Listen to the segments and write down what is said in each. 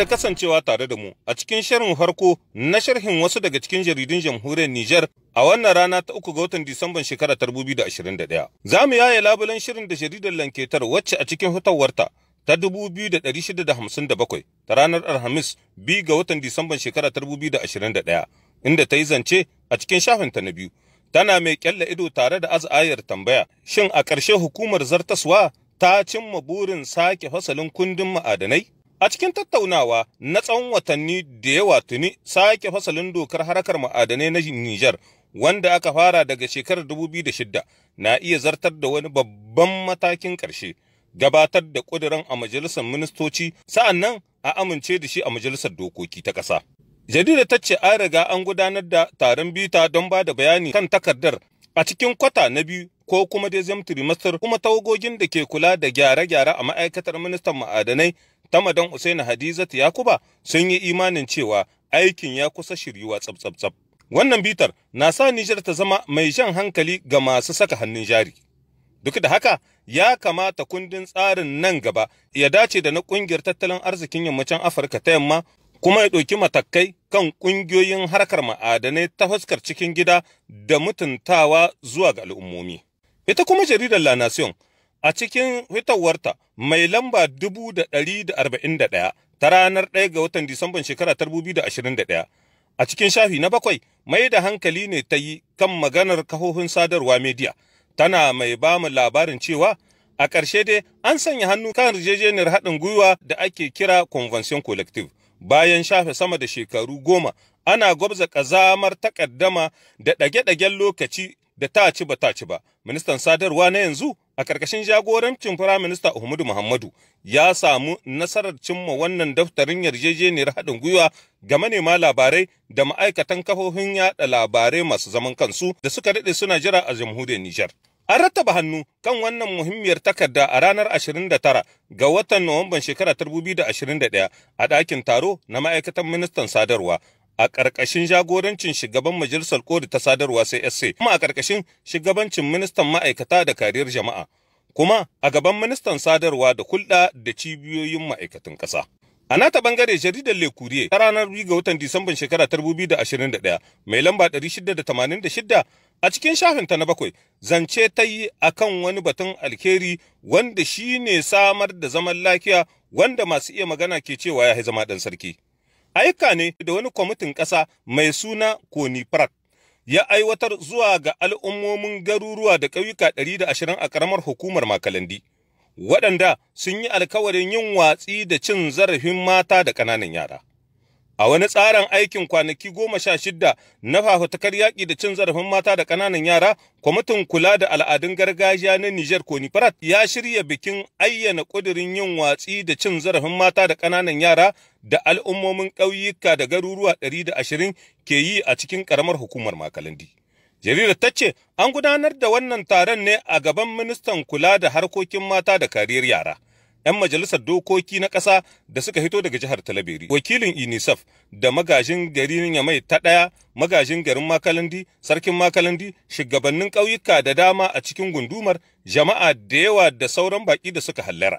da kasancewa tare da mu a cikin shirin farko na sharhin wasu daga cikin jaridun jamhuriyar Nijar a wannan rana ta uku ga watan Disamban shekara ta 2021. Za mu yaye labulen shirin da jaridar Lanketar wacce a cikin hutawarta ta 2657 ta ranar Alhamis 2 ga watan Disamban shekara ta 2021 inda ta yi zance a cikin shafinta na biyu. Tana mai kyalla ido tare da az'ayar tambaya, shin a ƙarshe hukumar zartaswa ta cimma burin sake fasalin kundin ma'adanai? A cikin tattaunawa na tsawon watanni da yawa tuni sake fasalin dokar harkar ma'adanai na Nijar wanda aka fara daga shekarar 2006 na iya zartar da wani babban matakin ƙarshe gabatar da ƙudurin a majalisar ministoci sa'an nan a amince da shi a majalisar dokoki ta ƙasa. Jarida ta ce an riga an gudanar da taron bita don ba da bayani kan takardar a cikin kwata na biyu ko kuma dai trimester kuma tawagogin da ke kula da gyare-gyare a ma'aikatar ministan ma'adanai tamadan Usaini Hadizatu Yakuba sun yi imanin cewa aikin ya kusa shiryuwa tsabtsabtsab. Wannan bitar na sa Nijar ta zama mai shan hankali ga masu saka hannun jari. Duk da haka, ya kamata kundin tsarin nan gaba ya dace da na ƙungiyar tattalin arzikin yammacin Afirka ta yamma kuma ya ɗauki matakai kan ƙungiyoyin harkar ma'adanai ta fuskar cikin gida da mutuntawa zuwa ga al'ummomi. Ita kuma jaridar La Nation A cikin fitowarta mai lamba dubu da da da arba'in ɗaya ta ranar ɗaya ga watan Disamban shekara da da ashirin ɗaya a cikin shafi na bakwai mai da hankali ne ta yi kan maganar kahohin sadarwa media, tana mai ba mu labarin cewa a ƙarshe dai an sanya hannu kan yarjejeniyar haɗin gwiwa da ake kira Convention Collective bayan shafe sama da shekaru goma ana gwabza ƙazamar takaddama da ɗage-ɗagen lokaci da ta ci ba ta ci ba. Ministan sadarwa na yanzu a ƙarƙashin jagorancin Firaminista Ahmadu Muhammadu ya samu nasarar cimma wannan daftarin yarjejeniyar haɗin gwiwa ga manema labarai da ma'aikatan kafofin yaɗa labarai masu zaman kansu da suka daɗe suna jira a jamhuriyar Nijar. An rattaba hannu kan wannan muhimmiyar takarda a ranar 29 ga watan Nuwamban shekara 2021 a ɗakin taro na ma'aikatan ministan sadarwa a ƙarƙashin jagorancin shugaban majalisar Kodi ta sadarwa sai SA kuma a ƙarƙashin shugabancin ministan ma'aikata da kariyar jama'a kuma a gaban ministan sadarwa da kulɗa da cibiyoyin ma'aikatan ƙasa. A nata bangare jaridar Le Courrier ta ranar 2 ga watan Disamban shekara 2021 mai lamba 686 a cikin ta na bakwai zance ta yi a kan wani batun alkeri wanda shi ne samar da zaman lafiya wanda masu iya magana ke cewa ya zama ɗan sarki. aika ne da wani kwamitin ƙasa mai suna konifrat ya aiwatar zuwa ga al'ummomin garuruwa da ƙauyuka ɗari da ashirin a ƙaramar hukumar makalandi waɗanda sun yi alkawarin yin watsi da cin zarafin mata da ƙananan yara A wani tsarin aikin kwanaki goma sha shida na fafatakar yaƙi da cin zarafin mata da ƙananan yara, kwamitin kula da al'adun gargajiya na Nijar Konifarat ya shirya bikin ayyana ƙudurin yin watsi da cin zarafin mata da ƙananan yara da al'ummomin ƙauyuka da garuruwa ɗari da ashirin ke yi a cikin ƙaramar hukumar Makalandi. Jaridar ta ce an gudanar da wannan taron ne a gaban ministan kula da harkokin mata da kariyar yara. 'yan majalisar dokoki na ƙasa da suka hito daga jihar Talabiri. Wakilin UNICEF da magajin garin Yamai ta ɗaya, magajin garin Makalandi, sarkin Makalandi, shugabannin ƙauyuka da dama a cikin gundumar jama'a da yawa da sauran baƙi da suka hallara.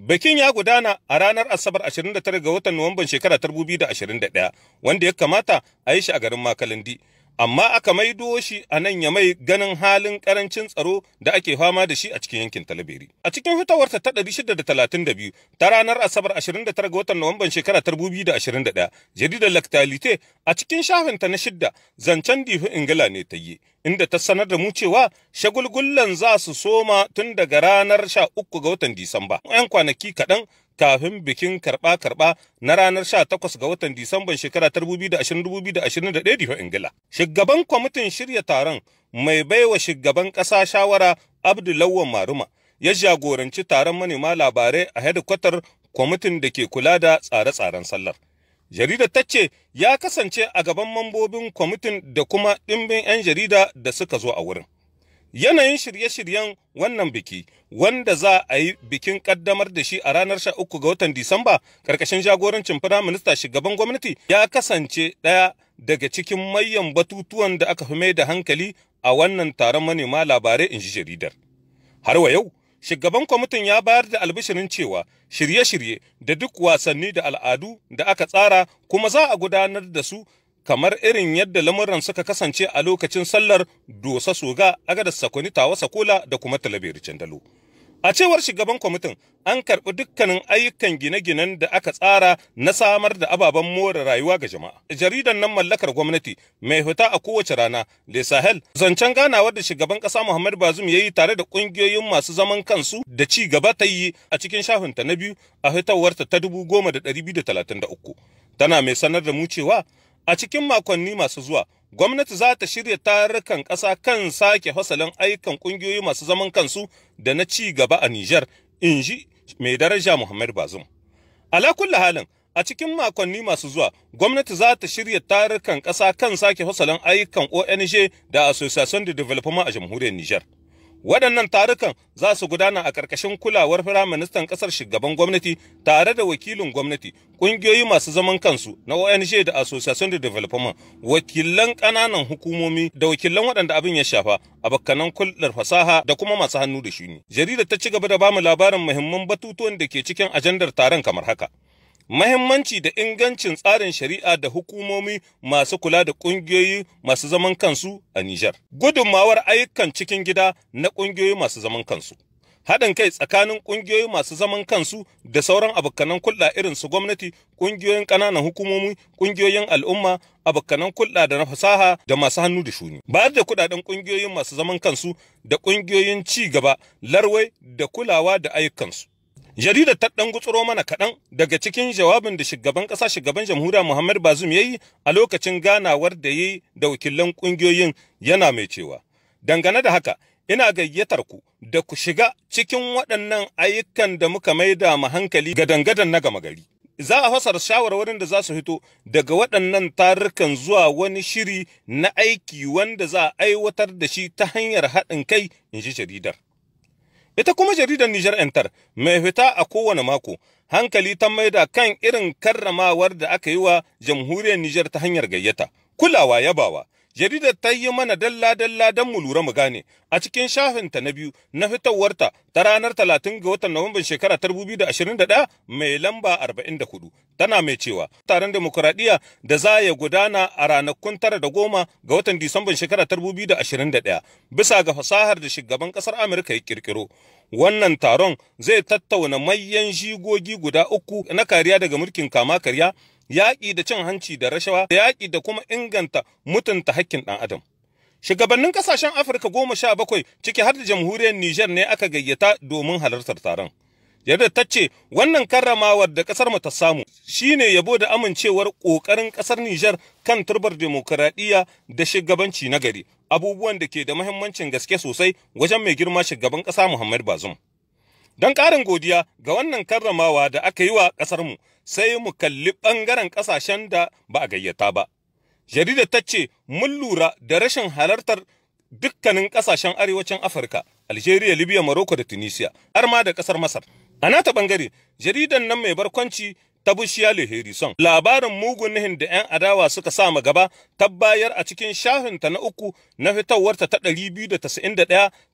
Bikin ya gudana a ranar Asabar 29 ga watan Nuwamban shekara 2021 wanda ya kamata a yi shi a garin Makalandi amma aka maido shi a nan ya mai ganin halin karancin tsaro da ake fama da shi a cikin yankin talabiri. A cikin fitowarta ta 632 ta ranar Asabar 29 ga watan Nuwamban shekara ta 2021, jaridar Lactalite a cikin shafinta na shidda zancen difi Ingila ne ta yi, inda ta sanar da mu cewa shagulgullan za su soma tun daga ranar 13 ga watan Disamba. 'Yan kwanaki kaɗan kafin bikin karɓa-karɓa na ranar 18 ga watan Disamban shekara 2020-2021 da Ingila. Shugaban kwamitin shirya taron mai baiwa shugaban ƙasa shawara Abdullawan Maruma ya jagoranci taron manema labarai a hedikwatar kwamitin da ke kula da tsare-tsaren sallar. jarida ta ce ya kasance a gaban mambobin kwamitin da kuma ɗimbin 'yan jarida da suka zo a wurin. Yanayin shirye-shiryen wannan biki, wanda za a yi bikin kaddamar da shi a ranar sha uku ga watan Disamba, ƙarƙashin jagorancin Firaminista shugaban gwamnati ya kasance ɗaya daga cikin mayan batutuwan da aka fi mai da hankali a wannan taron manema labarai in ji jaridar. Har wa yau, shugaban kwamitin ya bayar da albishirin cewa shirye-shirye da duk wasanni da al'adu da aka tsara kuma za a gudanar da su kamar irin yadda lamuran suka kasance a lokacin sallar dosa soga agadar sakoni tawa sakola da kuma talabiri candalo. A cewar shugaban kwamitin an karɓi dukkanin ayyukan gine-ginen da aka tsara na samar da ababen more rayuwa ga jama'a. Jaridan nan mallakar gwamnati mai fita a kowace rana Le Sahel zancen ganawar da shugaban ƙasa Muhammad Bazum ya yi tare da ƙungiyoyin masu zaman kansu da ci gaba ta yi a cikin shafinta na biyu a fitowarta ta dubu goma da ɗari biyu da talatin da uku. Tana mai sanar da mu cewa A cikin makonni masu zuwa, gwamnati za ta shirya tarukan ƙasa kan sake fasalin aikan ƙungiyoyi masu zaman kansu da na ci gaba a Nijar, in ji mai daraja Muhammad Bazum. Alakulla halin, a cikin makonni masu zuwa, gwamnati za ta shirya tarukan ƙasa kan sake fasalin aikan ONG da Association de Development a Jamhuriyar Nijar. Waɗannan tarukan za su gudana a ƙarƙashin kulawar Firaministan ƙasar shugaban gwamnati tare da wakilin gwamnati, ƙungiyoyi masu zaman kansu na ONG da Association de Development, wakilan ƙananan hukumomi da wakilan waɗanda abin ya shafa, a bakkanan kulɗar fasaha da kuma masu hannu da shuni. Jaridar ta ci gaba da bamu labarin muhimman batutuwan da ke cikin ajandar taron kamar haka. mahimmanci da ingancin tsarin shari'a da hukumomi masu kula da ƙungiyoyi masu zaman kansu a Nijar. Gudunmawar ayyukan cikin gida na ƙungiyoyi masu zaman kansu. Haɗin kai tsakanin ƙungiyoyi masu zaman kansu da sauran abokanan kulɗa irin su gwamnati, ƙungiyoyin ƙananan hukumomi, ƙungiyoyin al'umma, abokanan kulɗa da na fasaha da masu hannu da shuni. Bayar da kuɗaɗen ƙungiyoyin masu zaman kansu da ƙungiyoyin ci gaba, larwai da kulawa da ayyukansu. jaridar ta ɗan gutsuro mana kaɗan daga cikin jawabin da shugaban ƙasa shugaban jamhuriya muhammad bazum ya yi a lokacin ganawar da ya yi da wakilan ƙungiyoyin yana mai cewa dangane da haka ina gayyatar ku da ku shiga cikin waɗannan ayyukan da muka maida mu hankali ga dangadan na gama gari za a fasar shawarwarin da za su fito daga waɗannan tarukan zuwa wani shiri na aiki wanda za a aiwatar da shi ta hanyar haɗin kai in ji jaridar Ita kuma jaridar Nijar Entar mai fita a kowane mako, hankali ta maida kan irin karramawar da aka yi wa jamhuriyar Nijar ta hanyar gayyata, kulawa yabawa. Jaridar ta yi mana dalla-dalla don mu lura mu gane a cikin shafinta na biyu na fitowarta ta ranar 30 ga watan Nuwamban shekara ta 2021 mai lamba 44 tana mai cewa taron demokuraɗiyya da za ya gudana a ranakun tara da goma ga watan Disamban shekara ta 2021 bisa ga fasahar da shugaban ƙasar Amurka ya ƙirƙiro. Wannan taron zai tattauna manyan jigogi guda uku na kariya daga mulkin kama karya yaƙi da cin hanci da rashawa da yaƙi da kuma inganta mutunta hakkin ɗan adam. Shugabannin ƙasashen Afirka goma sha bakwai ciki har da jamhuriyar Nijar ne aka gayyata domin halartar taron. Yadda ta ce wannan karramawar da ƙasar mu ta samu shine yabo da amincewar ƙoƙarin ƙasar Nijar kan turbar demokuraɗiyya da shugabanci na gari abubuwan da ke da muhimmancin gaske sosai wajen mai girma shugaban ƙasa Muhammad Bazum. Don ƙarin godiya ga wannan karramawa da aka yi wa ƙasarmu, sai mu kalli ɓangaren ƙasashen da ba a gayyata ba. jarida ta ce mun lura da rashin halartar dukkanin ƙasashen arewacin Afirka, Algeria, Libya, Morocco da Tunisia, har ma da ƙasar Masar. A nata ɓangare, jaridar nan mai barkwanci ta Bushiyali son. Labarin mugun nihin da 'yan adawa suka sa ma gaba ta bayar a cikin shafinta na uku na fitowarta ta 291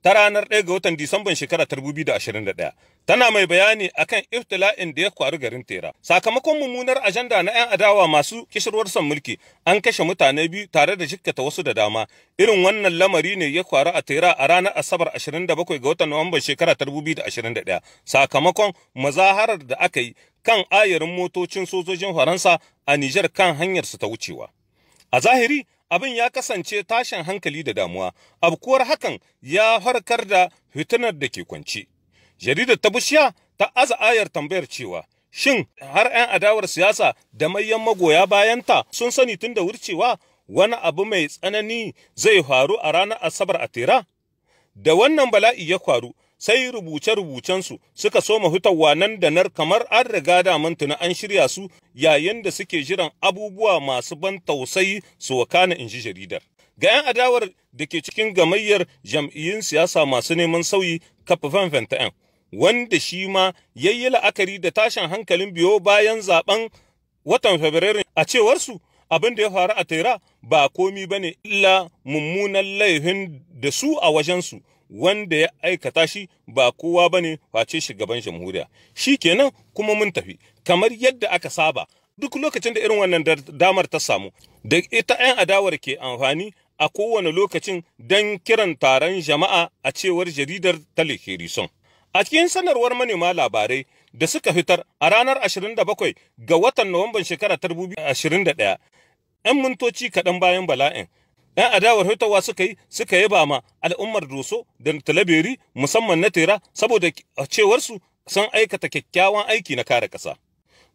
ta ranar 1 ga watan Disamban shekara 2021. Tana mai bayani akan iftila'in da ya kwaru garin Tera. Sakamakon mummunar ajanda na 'yan adawa masu kishirwar son mulki an kashe mutane biyu tare da jikkata wasu da dama. Irin wannan lamari ne ya kwaru a Tera a ranar Asabar 27 ga watan Nuwamban shekara 2021 sakamakon mazaharar da aka yi kan ayarin motocin sojojin Faransa a Nijar kan hanyarsu ta wucewa. A zahiri, abin ya kasance tashin hankali da damuwa, abkuwar hakan ya farkar da fitinar da ke kwanci. Jaridar ta bushiya ta aza ayar tambayar cewa, shin har 'yan adawar siyasa da mayan magoya bayanta sun sani tun da wurcewa wani abu mai tsanani zai faru a ranar Asabar a Tera? Da wannan bala'i ya faru, sai rubuce-rubucensu suka soma hutawa nan da nar kamar an riga da mantuna an shirya su yayin da suke jiran abubuwa masu ban tausayi su wakana in ji jaridar. Ga 'yan adawar da ke cikin gamayyar jam'iyyun siyasa masu neman sauyi kafa wanda shi ma yayi la'akari da tashin hankalin biyo bayan zaben watan Fabrairu a cewarsu abin da ya faru a tera ba komi bane illa mummunan laifin da su a wajensu. wanda ya aikata shi ba kowa ba ne face gaban jamhuriya shi kenan kuma mun tafi kamar yadda aka saba duk lokacin da irin wannan damar ta samu da ita 'yan adawar ke amfani a kowane lokacin don kiran taron jama'a a cewar jaridar talekirison a cikin sanarwar manema labarai da suka fitar a ranar 27 ga watan nuwamban shekara 2021 'yan mintoci kaɗan bayan bala'in 'yan adawar hutawa suka yi suka yaba ma al'ummar doso da talaberi musamman na tera saboda cewarsu sun aikata kyakkyawan aiki na kare ƙasa.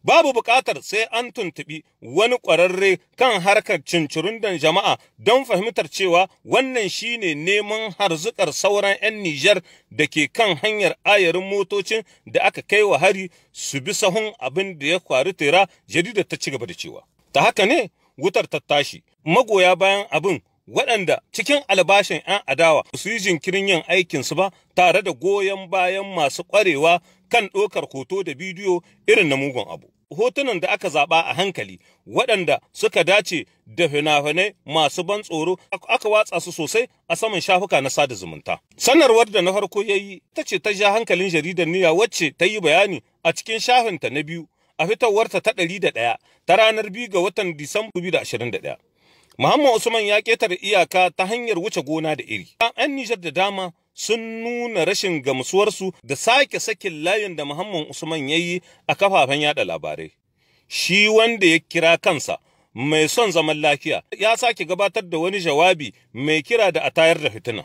Babu buƙatar sai an tuntuɓi wani ƙwararre kan harkar cincirundan jama'a don fahimtar cewa wannan shi ne neman harzuƙar sauran 'yan Nijar da ke kan hanyar ayarin motocin da aka kai wa hari su bi sahun abin da ya kwari tera jaridar ta ci gaba da cewa. Ta haka ne wutar ta tashi magoya bayan abin waɗanda cikin albashin 'yan adawa su yi jinkirin yin aikinsu ba tare da goyon bayan masu ƙwarewa kan ɗaukar hoto da bidiyo irin na mugun abu. Hotunan da aka zaɓa a hankali waɗanda suka dace da fina-finai masu ban tsoro aka watsa su sosai a saman shafuka na sada zumunta. Sanarwar da na farko ya yi ta ce ta ja hankalin jaridar niya wacce ta yi bayani a cikin shafinta na biyu a fitowarta ta ɗari da ɗaya ta ranar biyu ga watan Disamba 2021. Muhammad Usman ya ƙetare iyaka ta hanyar wuce gona da iri. ‘Yan Nijar da dama sun nuna rashin gamsuwarsu da sake sakin layin da Muhammad Usman ya yi a kafafen yada labarai. Shi wanda ya kira kansa mai son zaman lafiya ya sake gabatar da wani jawabi mai kira da a tayar da fitina.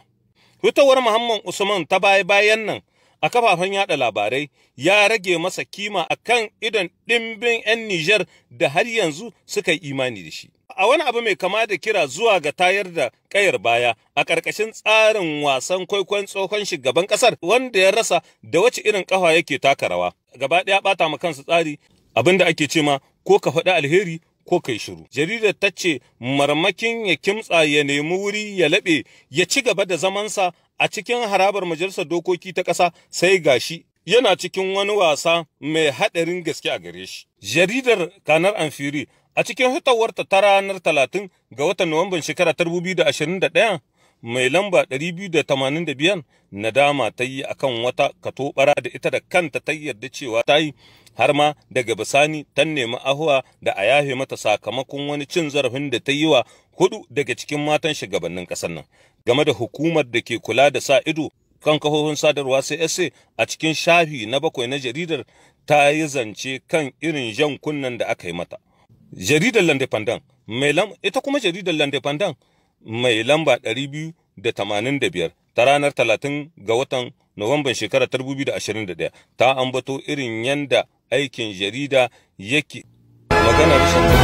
Fitowar Muhammad Usman ta baya-bayan nan a kafafen yada labarai ya rage masa kima akan kan idon ɗimbin 'yan Nijar da har yanzu suka yi imani da shi. A wani abu mai kama da kira zuwa ga tayar da kayar baya a ƙarƙashin tsarin wasan kwaikwayon tsohon shugaban ƙasar wanda ya rasa da wace irin ƙafa yake taka rawa. Gaba ɗaya ɓata ma kansu tsari abin da ake ce ma ko ka faɗi alheri ko ka yi shiru. Jaridar ta ce marmakin ya kimtsa ya nemi wuri ya laɓe ya ci gaba da zamansa a cikin harabar majalisar dokoki ta ƙasa sai gashi yana cikin wani wasa mai haɗarin gaske a gare shi. Jaridar Kanar Amfiri A cikin hutawarta ta ranar talatin ga watan Nuwamban shekara ta 2021 mai lamba 285 nadama ta yi a kan wata katobara da ita da kanta ta yarda cewa ta yi har ma daga bisani ta nemi ahuwa da a yafe mata sakamakon wani cin zarafin da ta yi wa hudu daga cikin matan shugabannin ƙasar nan game da hukumar da ke kula da sa ido kan kafofin sadarwa sai CSA a cikin shafi na bakwai na jaridar ta yi zance kan irin jan kunnen da aka yi mata. jaridar landefandan mai ita kuma jaridar landefandan mai lamba 285 ta ranar 30 ga watan Nuwamban shekarar 2021 ta ambato irin yanda aikin jarida yake maganar shan